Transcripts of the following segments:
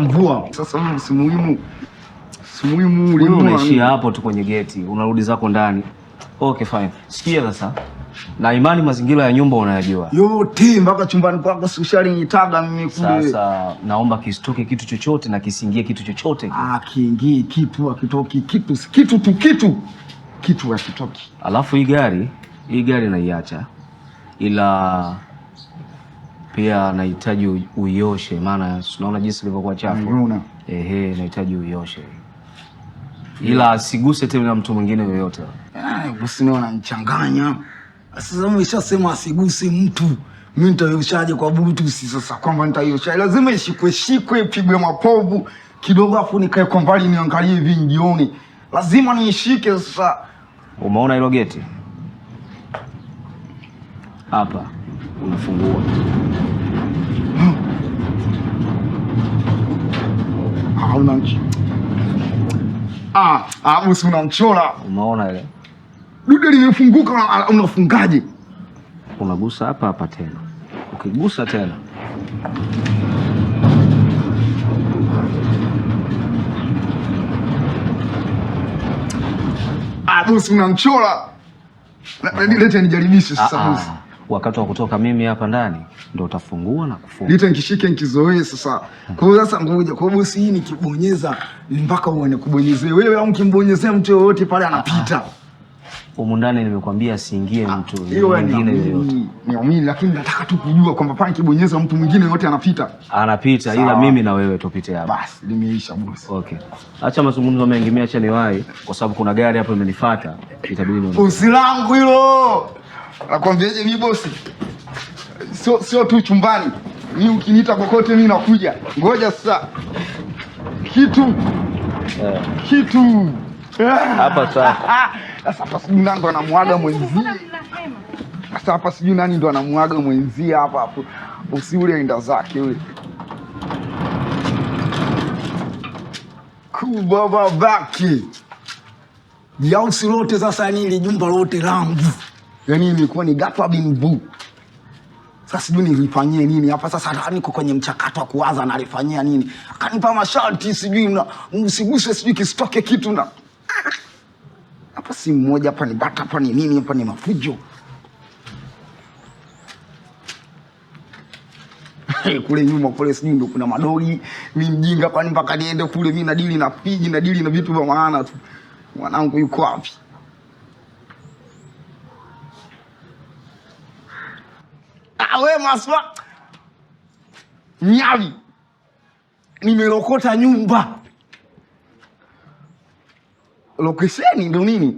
mvua sasa si muhimu, si muhimu. Wewe unaishia hapo tu kwenye geti, unarudi zako ndani. Okay fine, sikia sasa, na imani mazingira ya nyumba unayajua yote, mpaka chumbani kwako siushalinitaga mimi kule. Sasa naomba kisitoke kitu chochote na kisingie kitu chochote. Ah, kiingii kitu, akitoki kitu, kitu tu, kitu kitu akitoki. Alafu hii gari hii gari naiacha, ila pia nahitaji uioshe, maana unaona jinsi ilivyokuwa chafu. Mm, Ehe, nahitaji uioshe ila asiguse tena na mtu mwingine yoyote. Unanichanganya sasa, umeshasema asiguse mtu, mimi nitaioshaje kwa butusi? Sasa kwamba nitaiosha, lazima ishikwe shikwe, pigwe mapovu kidogo, afu nikae kwa mbali niangalie hivi njioni, lazima niishike. Sasa umeona hilo geti hapa, unafungua hauna ah, nchi. Ah, alafu ah, si unamchora. Umeona ile? Dude limefunguka unafungaje? Unagusa hapa hapa tena. Ukigusa tena. bosi ah, unamchora. Leta nijaribishe sasa wakati wa kutoka mimi hapa ndani ndo utafungua na kufunga. Nita nikishike nikizoe sasa. Kwa hiyo sasa ngoja. Kwa hiyo bosi hii nikibonyeza mpaka uone kubonyezea. Wewe au mkimbonyezea mtu yoyote pale anapita. Humu ndani nimekwambia siingie ah, mtu mwingine yoyote. Niamini lakini nataka tu kujua kwamba pale nikibonyeza mtu mwingine yoyote anapita. Anapita ila mimi na wewe tupite hapa. Basi limeisha bosi. Okay. Acha mazungumzo mengi mimi acha niwahi kwa sababu kuna gari hapo imenifuata. Itabidi niondoke. Usilangu hilo. Nakwambiaje mimi bosi? Sio sio tu chumbani. Mimi ukiniita kokote mimi nakuja. Ngoja sasa. Kitu. Yeah. Kitu. Hapa sasa. Sasa hapa sijui nani ndo anamwaga mwenzi. Sasa hapa sijui nani ndo anamwaga mwenzi hapa hapo. Usi ule aenda zake ule. Kubaba baki. lote sasa nili jumba lote langu yani nilikuwa ni gapa bimbu. Sasa sijui nilifanyia nini hapa. Sasa hata niko kwenye mchakato wa kuwaza nalifanyia nini. Akanipa masharti sijui na msiguse sijui kisitoke kitu na hapa si mmoja hapa ni bata hapa ni nini hapa ni mafujo. kule nyuma kule sijui ndo kuna madogi. Mimi mjinga kwani mpaka niende kule mi nadili na pigi nadili na vitu vya maana tu. Mwanangu yuko wapi? we ah maswa Nyavi, nimerokota nyumba. Lokesheni ndo nini?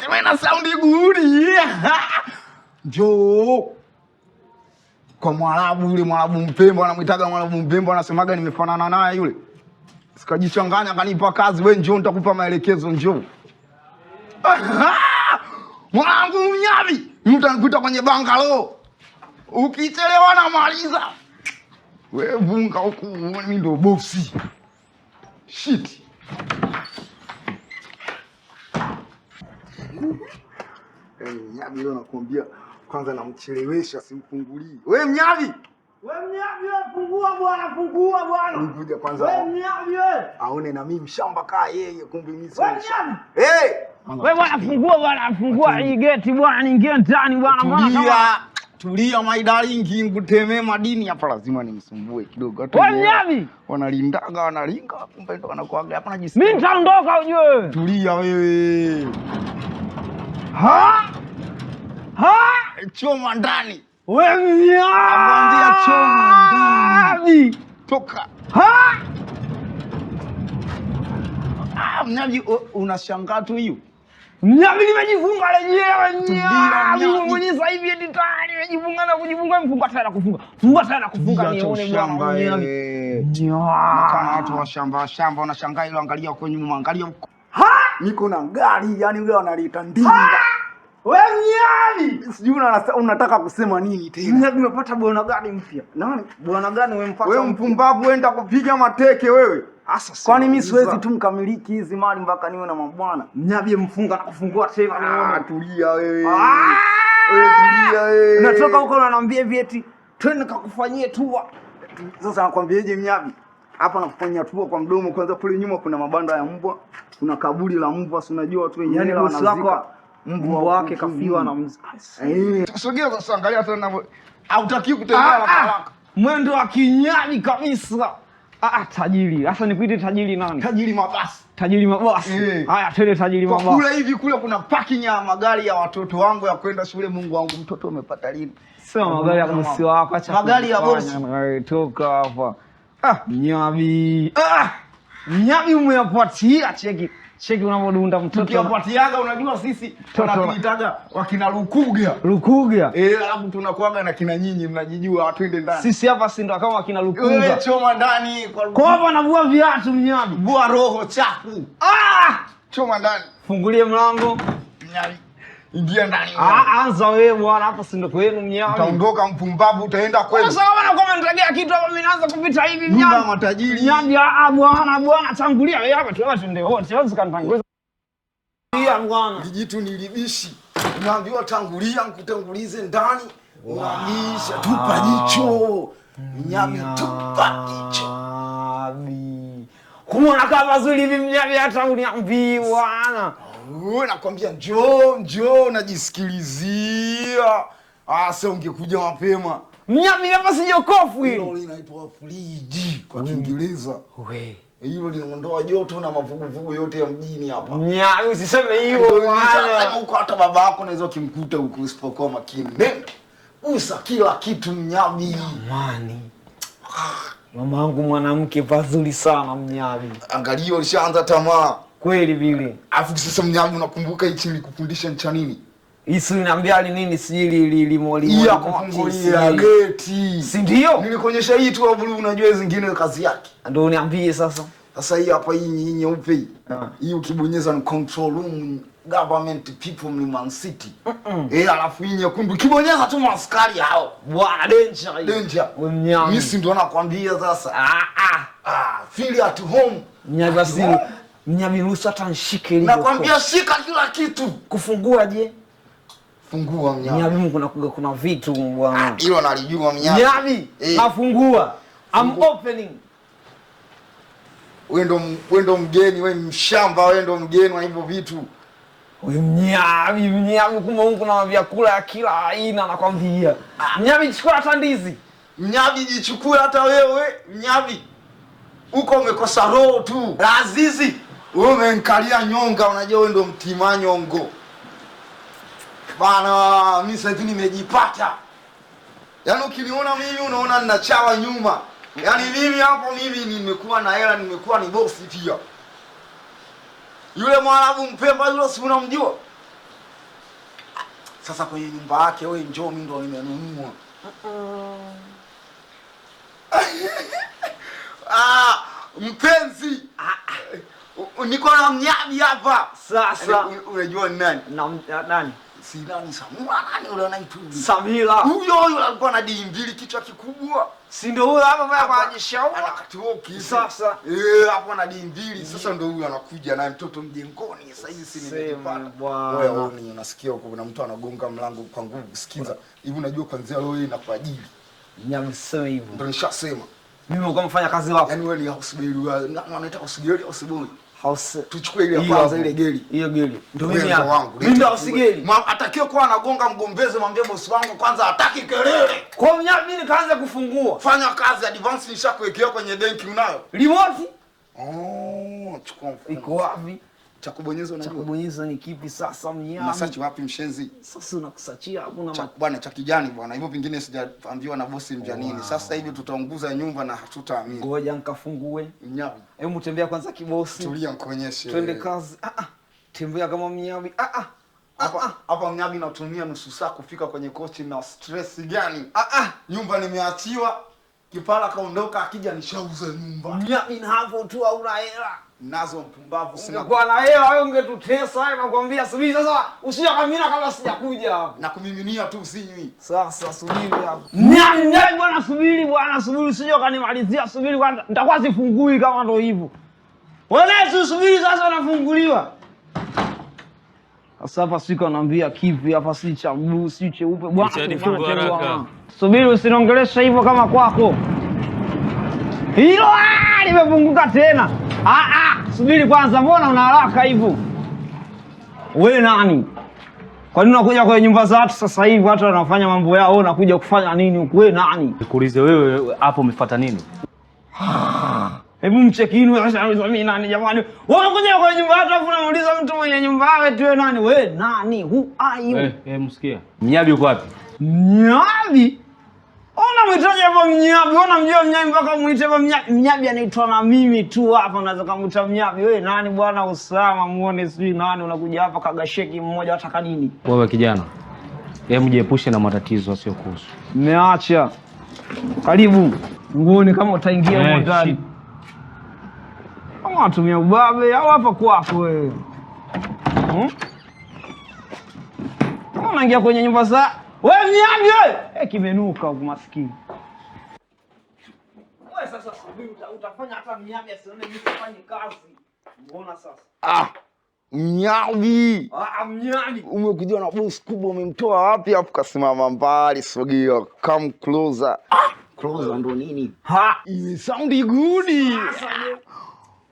Semena saundi guri jo kwa Mwarabu yule Mwarabu mpembo anamwitaga Mwarabu mpembo, anasemaga nimefanana naye yule, sikajichanganya akanipa kazi, we njoo, nitakupa maelekezo, njoo Mwanangu Mnyavi, mtu anakuita kwenye bangalo Ukichelewa namaliza wewe, vunga huku, mimi ndo bosi. Shit. Mnyavi eh, leo nakwambia, kwanza namchelewesha, simfungulii We mnyavi, fungua bwana, fungua bwana. Ngoja kwanza aone na mimi mshamba kaa yeye, kumbe mimi si mshamba. Eh, wewe bwana, fungua bwana, fungua hii geti bwana, niingie ndani bwana, mbona Tulia my darling, nguteme madini hapa, lazima nimsumbue kidogo. Watu wanyavi wanalindaga wanalinga, kumbe ndo wanakuaga hapa. najisikia. mimi nitaondoka, ujue. Tulia wewe. Ha ha, choma ndani wewe, mwambia choma ndani, toka ha. Ah, mnyaji unashangaa tu hiyo Nami nimejifunga lenyewe mwenye sasa hivi eti tayari na kujifunga mfunga tena kufunga. Funga tena kufunga nione bwana mwenyewe. Eh. Kama watu wa shamba shamba wanashangaa ile angalia huko nyuma angalia Niko na gari yani ule wanaliita ndinga. Wewe sijui unataka kusema nini tena? Unapata bwana gani mpya? Nani? Bwana gani wewe mpata? Wewe mpumbavu wenda kupiga mateke wewe. Asa kwani mimi siwezi tu mkamiliki hizi mali mpaka niwe na mabwana. Mnyabie mfunga na kufungua tena. Ah, tulia wewe. Ah! Wewe tulia wewe. Natoka huko unaniambia hivi eti twende kakufanyie tua. Sasa nakwambiaje mnyabi? Hapa nakufanyia tua kwa mdomo kwanza, kule nyuma kuna mabanda ya mbwa, kuna kaburi la mbwa, si unajua watu wenyewe yaani wanazika mbwa wake kafiwa na eh. sogea sasa, angalia tena, hautaki kutembea ah, ah. haraka, mwendo wa kinyani kabisa. Ah, ah tajiri sasa, nikuite tajiri nani? Tajiri mabasi, tajiri mabasi. Eh. Haya, tele tajiri mabasi. Kule hivi kule kuna parking ya magari ya watoto wangu ya kwenda shule. Mungu wangu, mtoto umepata lini? Sio magari ya bosi wako, acha magari ya bosi. Toka hapa. Ah, nyabi, ah, nyabi umeyapatia, cheki Cheki unavyodunda mtoto. Tukiwapatiaga unajua sisi tunatuitaga wakina Lukuga. Lukuga. Eh, alafu tunakuaga na kina nyinyi mnajijua twende ndani. Sisi hapa si ndo kama wakina Lukuga. Wewe eh, choma ndani kwa Lukuga. Kwa hapo anavua viatu mnyabi. Vua roho chafu. Ah! Choma ndani. Fungulie mlango. Mnyabi. Ingia ndani. Ah, anza wewe bwana, ah, hapa si ndo kwenu mnyama. Utaondoka mpumbavu, utaenda kwenu. Sasa bwana, kwa mnategea kitu hapa, mimi naanza kupita hivi mnyama. Nyumba matajiri. Nyanja ah, ah, bwana bwana, tangulia wewe hapa, tunaona twende wote. Siwezi kanitanguliza. Pia bwana. Kijitu nilibishi. Unaambiwa tangulia, nikutangulize ndani. Unaisha tupa jicho. Mnyama tupa jicho. Kumwona kama zuri hivi mnyama hata uniambii bwana nakwambia njoo njoo, najisikilizia. Ah, Asa ungekuja mapema mnyami, hapa si jokofu hili, inaitwa friji kwa Kiingereza. We Hilo linaondoa joto na mavuguvugu yote ya mjini hapa. Nyami, usiseme hivyo bwana, huko hata baba yako naweza kimkuta huko usipokuwa makini. Nenda usa kila kitu mnyami. Amani. Ah, mama yangu mwanamke pazuri sana mnyami, angalia ulishaanza tamaa kweli vile. Alafu sasa mnyama, unakumbuka hichi nilikufundisha ni cha nini? Isu inaambia ni nini si ili ili sijui li limoli ya kufungulia geti. Si ndio? Nilikuonyesha hii tu ya blue unajua zingine kazi yake. Ndio uniambie sasa. Sasa hii hapa hii hii nyeupe hii. Ah. Hii ukibonyeza ni control room government people ni Man City. Mm Eh, alafu hii nyekundu ukibonyeza tu maskari hao. Bwana danger. Danger. Mimi si ndio nakwambia sasa. Ah ah. Ah, feel at home. Nyabasini. Mnyabiruhusu hata nishike ile. Nakwambia shika kila kitu. Kufungua je? Fungua mnyabi. Mungu kuna kuna vitu bwana. Ah, hilo nalijua mnyabi. Mnyabi eh. Nafungua. I'm opening. Wewe ndo wewe ndo mgeni, wewe mshamba, wewe ndo mgeni wa hivyo vitu. Wewe mnyabi, mnyabi kumbe Mungu kuna vyakula ya kila aina nakwambia. Ah. Mnyabi chukua hata ndizi. Mnyabi jichukue hata wewe, mnyabi. Uko umekosa roho tu. Lazizi wewe umenkalia nyonga, unajua wewe ndo mtima nyongo bana. Mimi sasa hivi nimejipata, yaani ukiniona mimi unaona ninachawa nyuma, yaani mimi hapo, mimi nimekuwa na hela, nimekuwa ni bosi pia. Yule Mwarabu Mpemba yule, si unamjua? Sasa kwenye nyumba yake wewe, njoo, mimi ndo nimenunua niko na mnyabi hapa. Sasa yaani, unajua ni nani? Na nani? Si nani Samura nani ule anaitwa? Samira. Huyo huyo alikuwa na dii mbili kichwa kikubwa. Si ndio huyo hapa mbaya kwa ajishauri. Anakatoki sasa. Eh, hapo na dii mbili. Mm. Sasa ndio huyo anakuja na mtoto mjengoni. Sasa hizi si nimepata. Wewe wewe unasikia huko kuna mtu anagonga mlango kwa nguvu. Sikiza. Hivi unajua kwanza leo hii na kwa ajili. sema hivyo. Ndio nishasema. Mimi ngo mfanya kazi wako. Yaani wewe ni house boy. Wanaita house girl, house boy house tuchukue ile kwanza, ile geli hiyo geli ndio mimi wangu, mimi ndio house geli. Atakiwe kuwa anagonga mgombezi, mwambie bosi wangu kwanza hataki kelele. Kwa hiyo mimi nikaanza kufungua, fanya kazi, advance nishakuwekea kwenye benki, unayo remote. Oh, chukua mfumo iko wapi? cha kubonyeza unajua. Cha kubonyeza ni kipi sasa mnyama? Masachi wapi mshenzi? Sasa unakusachia hakuna cha bwana cha kijani bwana. Hivyo vingine sijaambiwa na bosi mja nini. Wow. Sasa hivi tutaunguza nyumba na hatutaamini. Ngoja nikafungue. mnyama Hebu mtembea kwanza kibosi. Tulia nikuonyeshe. Twende kazi. Ah ah. Tembea kama mnyama ah, ah ah. Hapa ah. hapa mnyama natumia nusu saa kufika kwenye kochi na stress gani? Ah ah. Nyumba nimeachiwa. Kipala kaondoka, akija nishauza nyumba. hapo tu hauna hela. Nazo mpumbavu sina. kwa na hela wewe ungetutesa, nakwambia subiri sasa. Usiyakamina kama sijakuja hapo. Na kumiminia tu usinywi. Sasa subiri hapo. Nyani nyani bwana subiri bwana subiri usije kanimalizia subiri kwanza. Nitakuwa sifungui kama ndio hivyo. Wewe subiri sasa unafunguliwa. Sasa hapa si kanaambia hapa, si cha bluu si cheupe bwana. Subiri usiniongelesha hivyo kama kwako hilo ah, limepunguka tena. Ah, ah, subiri kwanza, mbona una haraka hivyo? We nani? Kwa nini unakuja kwenye nyumba za watu sasa hivi? Watu wanafanya mambo yao, unakuja kufanya nini huku? We nani? Nikuulize wewe hapo umefuata nini? Ah. Hebu mchekini mimi nani jamani? Unakuja kwa nyumba yako afu unauliza mtu mwenye nyumba yake tu nani? We nani? Who are you? Eh, eh, msikia. Mnyabi uko wapi? Mnyabi? Ona mwitaje hapo mnyabi? Ona mjua mnyabi mpaka muite hapo mnyabi. Mnyabi anaitwa na mimi tu hapa unaweza kumuita mnyabi. We nani bwana Usama muone sijui nani unakuja hapa kaga sheki mmoja wataka nini? Wewe kijana. Hebu jiepushe na matatizo asiyokuhusu. Niacha. Karibu. Nguoni kama utaingia hey, eh, ndani. Watumia ubabe au hapa kwako wewe hmm? Unaingia kwenye nyumba za we mnyambi we e, eh, kimenuka huku maskini we. Sasa subiri uta, utafanya hata mnyambi asione mimi sifanye kazi, mbona sasa ah. Mnyabi ah, umekuja na boss kubwa, umemtoa wapi? Afu kasimama mbali, sogea, come closer. Ah! Closer ndo nini? Ha, sound good.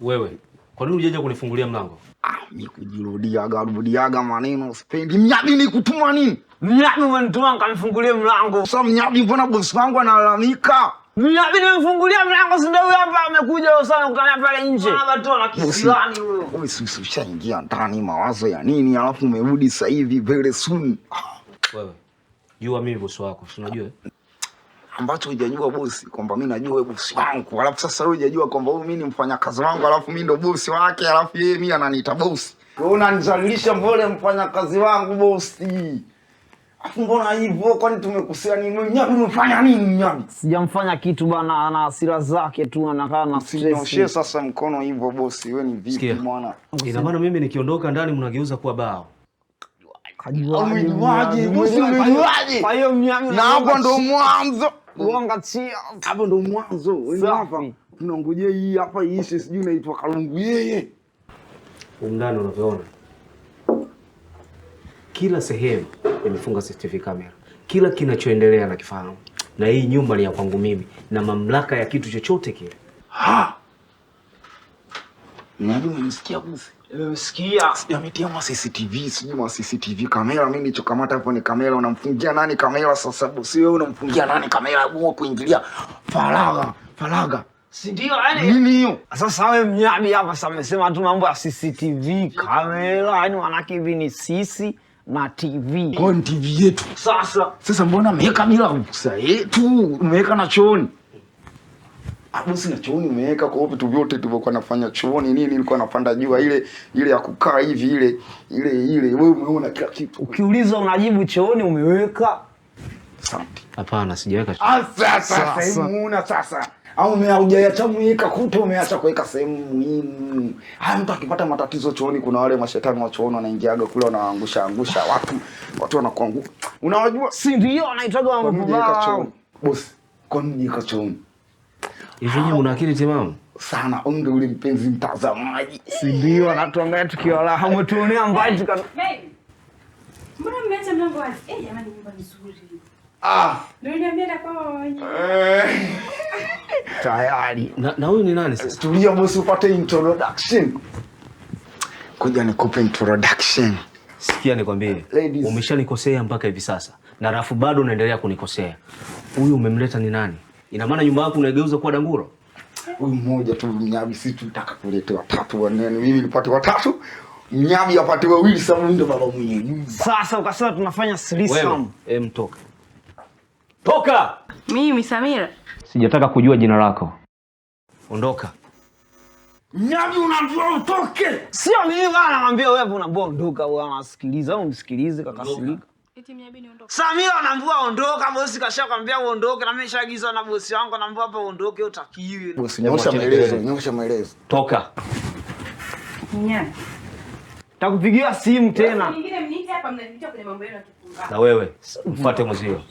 Wewe kwa nini ujaja kunifungulia mlango? Ah, mimi kujirudiaga rudiaga maneno sipendi. Mnyabi ni kutuma nini? Mnyabi umenituma kanifungulie mlango. Sasa mnyabi, mbona bosi wangu analalamika? Mnyabi nimemfungulia mlango, si ndio hapa amekuja sasa kutana pale nje. Baba tu Watu wanakisiani huyo. Wewe sisi ushaingia ndani mawazo ya nini alafu umerudi sasa hivi very soon. Wewe jua mimi bosi wako, si unajua? ambacho hujajua bosi, kwamba mimi najua wewe bosi wangu, alafu sasa wewe hujajua kwamba wewe mimi ni mfanyakazi wangu, alafu mimi ndo bosi wake, alafu yeye mimi ananiita bosi. Wewe unanizalilisha mbele mfanyakazi wangu bosi. Afu mbona hivyo? Kwani tumekosea nini? Nyabi umefanya nini nyabi? Sijamfanya kitu bana, ana hasira zake tu anakaa na stress. Usinyoshe sasa mkono hivyo bosi, wewe ni vipi mwana? Ina maana mimi nikiondoka ndani mnageuza kuwa bao. Kajuaje? Umejuaje? Kwa hiyo mnyami na hapo ndo mwanzo uangachia hapo, ndo mwanzo wewe. Hapa tunangojea hii hapa iishe, sijui inaitwa kalungu yeye. Ndani unavyoona kila sehemu imefunga CCTV camera, kila kinachoendelea na kifahamu, na hii nyumba ni ya kwangu mimi na mamlaka ya kitu chochote kile. Najua nisikia gusi Nimemsikia. Eh, sijametia ma CCTV, sijui ma CCTV kamera. Mimi nilichokamata hapo ni kamera. Unamfungia nani kamera sasa? Si wewe unamfungia nani kamera? Wewe kuingilia faragha, faragha. Si ndio yani? Nini hiyo? Sasa wewe mnyabi hapa sasa umesema tu mambo ya CCTV kamera, yani wanaki hivi ni sisi na TV. Kwa ni TV yetu. Sasa, sasa mbona ameweka mila ruhusa yetu? Umeweka na chooni harusi na chooni umeweka kwa vitu vyote tulivyokuwa nafanya chooni nini, nilikuwa napanda jua ile ile ya kukaa hivi ile ile ile, wewe umeona kila kitu. ukiuliza unajibu chooni umeweka. Hapana, sijaweka. Ah, sasa sasa muona sasa au hujaacha mweka kuto, umeacha kuweka sehemu muhimu. Haya, mtu akipata matatizo chooni, kuna wale mashetani wa chooni wanaingiaga kule, wanaangusha angusha watu, watu wanakuanguka, unawajua, si ndio? Anaitwaga mambo mabaya. Bosi, kwa nini iko chooni? Yenyewe una akili timamu sana unge ule mpenzi mtazamaji, si ndio? Anatuangalia tukio la hamu tuonea mbali tukana. Mbona mmeacha mlango wazi? Eh, jamani nyumba nzuri. Ah. Ndio niambia na kwa eh. Tayari. Na huyu ni nani sasa? Tulia bosi upate introduction. Kuja nikupe introduction. Sikia nikwambie, umeshanikosea mpaka hivi sasa. Na rafu bado unaendelea kunikosea. Huyu umemleta ni nani? Ina maana nyumba yako unaigeuza kuwa danguro? Huyu mmoja tu mnyabi, si tunataka kuletea watatu wanene, mimi nilipate watatu, mnyabi apate wawili, sababu ndio baba mwenye nyumba. Sasa ukasema tunafanya threesome. Eh, mtoka toka. Mimi Samira, sijataka kujua jina lako, ondoka. Nyabi unaambiwa utoke, sio mimi bana, naambia wewe, unaambiwa ondoka. Wewe unasikiliza au msikilize? Kakasirika. Samia anaambiwa ondoka, bosi kasha kwambia uondoke, na mimi nishaagiza na bosi wangu anaambiwa hapa uondoke, utakiwi. Bosi, nyosha maelezo, nyosha maelezo. Toka. Nya. Takupigia simu tena. Nyingine mniite hapa mnaniita kwenye mambo yenu ya kifunga. Na wewe, mfuate mzio.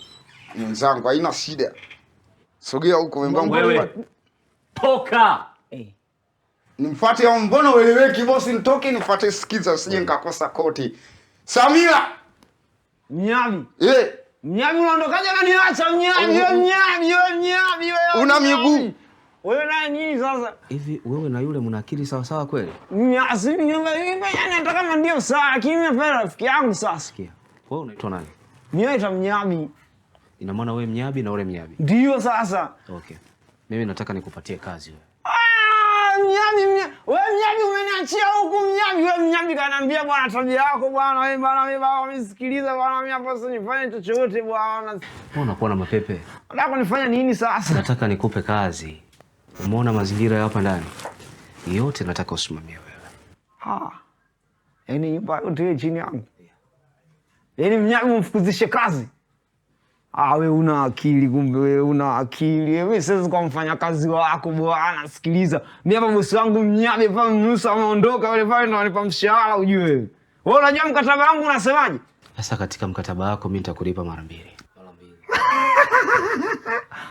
Mwanangu, haina shida. Sogea huko mwenzangu. Wewe. Toka. Eh. Nimfuate au mbona ueleweki bosi, nitoke nifuate, sikiza usije eh. nikakosa koti. Samia Mnyavi. Eh. Mnyavi unaondokaje na niacha mnyavi, wewe mnyavi, mnyavi wewe. Una miguu. Wewe na nini sasa? Hivi wewe na yule mna akili sawa sawa kweli? Nyasini nyumba hii yani hata kama ndio sawa rafiki yangu sasa. Sikia. Wewe unaitwa nani? Mimi naitwa Mnyabi. Ina maana wewe na ule Ndio sasa. Okay. Mimi nataka nikupatie kazi wewe mnyami mnyami, wewe mnyami umeniachia huku mnyami, wewe mnyami kanaambia bwana tabia yako bwana, wewe bwana, mimi baba unisikiliza bwana, mimi hapa sasa nifanye chochote bwana. Unakuwa na mapepe. Unataka kunifanya nini sasa? Nataka nikupe kazi. Umeona mazingira hapa ndani? Yote nataka usimamie wewe. Ah. Yaani nyumba yote chini yangu. Yaani mnyami umfukuzishe kazi awe una akili, kumbe una akili. Mi siwezi kwa mfanyakazi wako bwana, sikiliza mi hapa bosi wangu mnyabe pa mnusa ameondoka yule pale, ndo wanipa mshahara ujue. Wewe unajua mkataba wangu unasemaje? Sasa katika mkataba wako mi nitakulipa mara mbili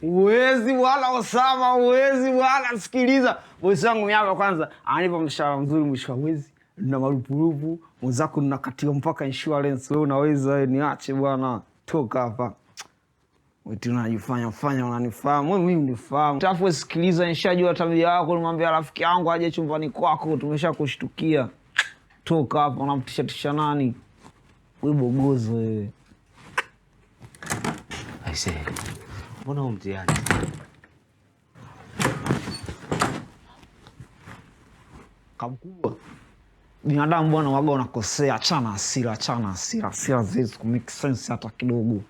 Uwezi wala Osama, uwezi wala sikiliza. Bosi wangu miapa kwanza anipa mshahara mzuri mwisho wa mwezi, na marupurupu mwenzako, nakatiwa mpaka insurance. We unaweza niache bwana, toka hapa. Eti unajifanya fanya unanifahamu mimi unifahamu. Tafu sikiliza, nishajua tabia yako. Nimwambia rafiki yangu aje chumbani kwako, tumesha kushtukia. Toka hapa, unamtisha tisha nani? Wewe bogozo wewe. Aise, mbona huo mtihani kamkubwa binadamu bwana waga unakosea. Achana hasira, achana hasira, hasira ziwezi kumake sense hata kidogo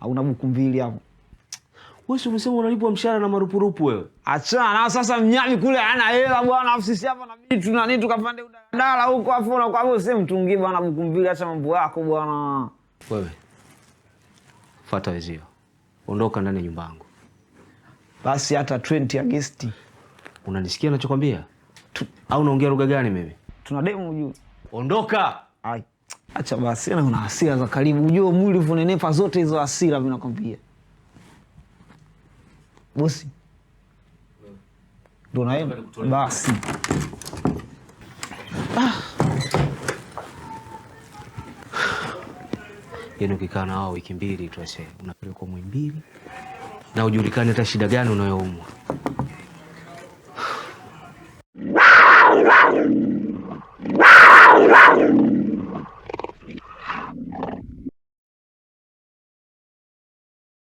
hauna buku mbili hapo. Wewe umesema unalipwa mshahara na marupurupu wewe. Achana na sasa mnyami kule ana hela bwana, afu sisi hapa inabidi tuna nini tukapande udadala huko afu na kwa wewe mtu mwingine bwana buku mbili, acha mambo yako bwana. Wewe. Fuata wezio. Ondoka ndani ya nyumba yangu. Basi hata 20 Agosti. Unanisikia nachokwambia Au unaongea lugha gani mimi? Tuna demu juu. Ondoka. Ai. Acha basi, na una hasira za karibu, ujue mwili vunenepa zote hizo hasira vinakwambia. Bosi ndo naye basi. Ah. Yaani ukikaa na wao wiki mbili tu, unapelekwa Muhimbili na ujulikani hata shida gani unayoumwa.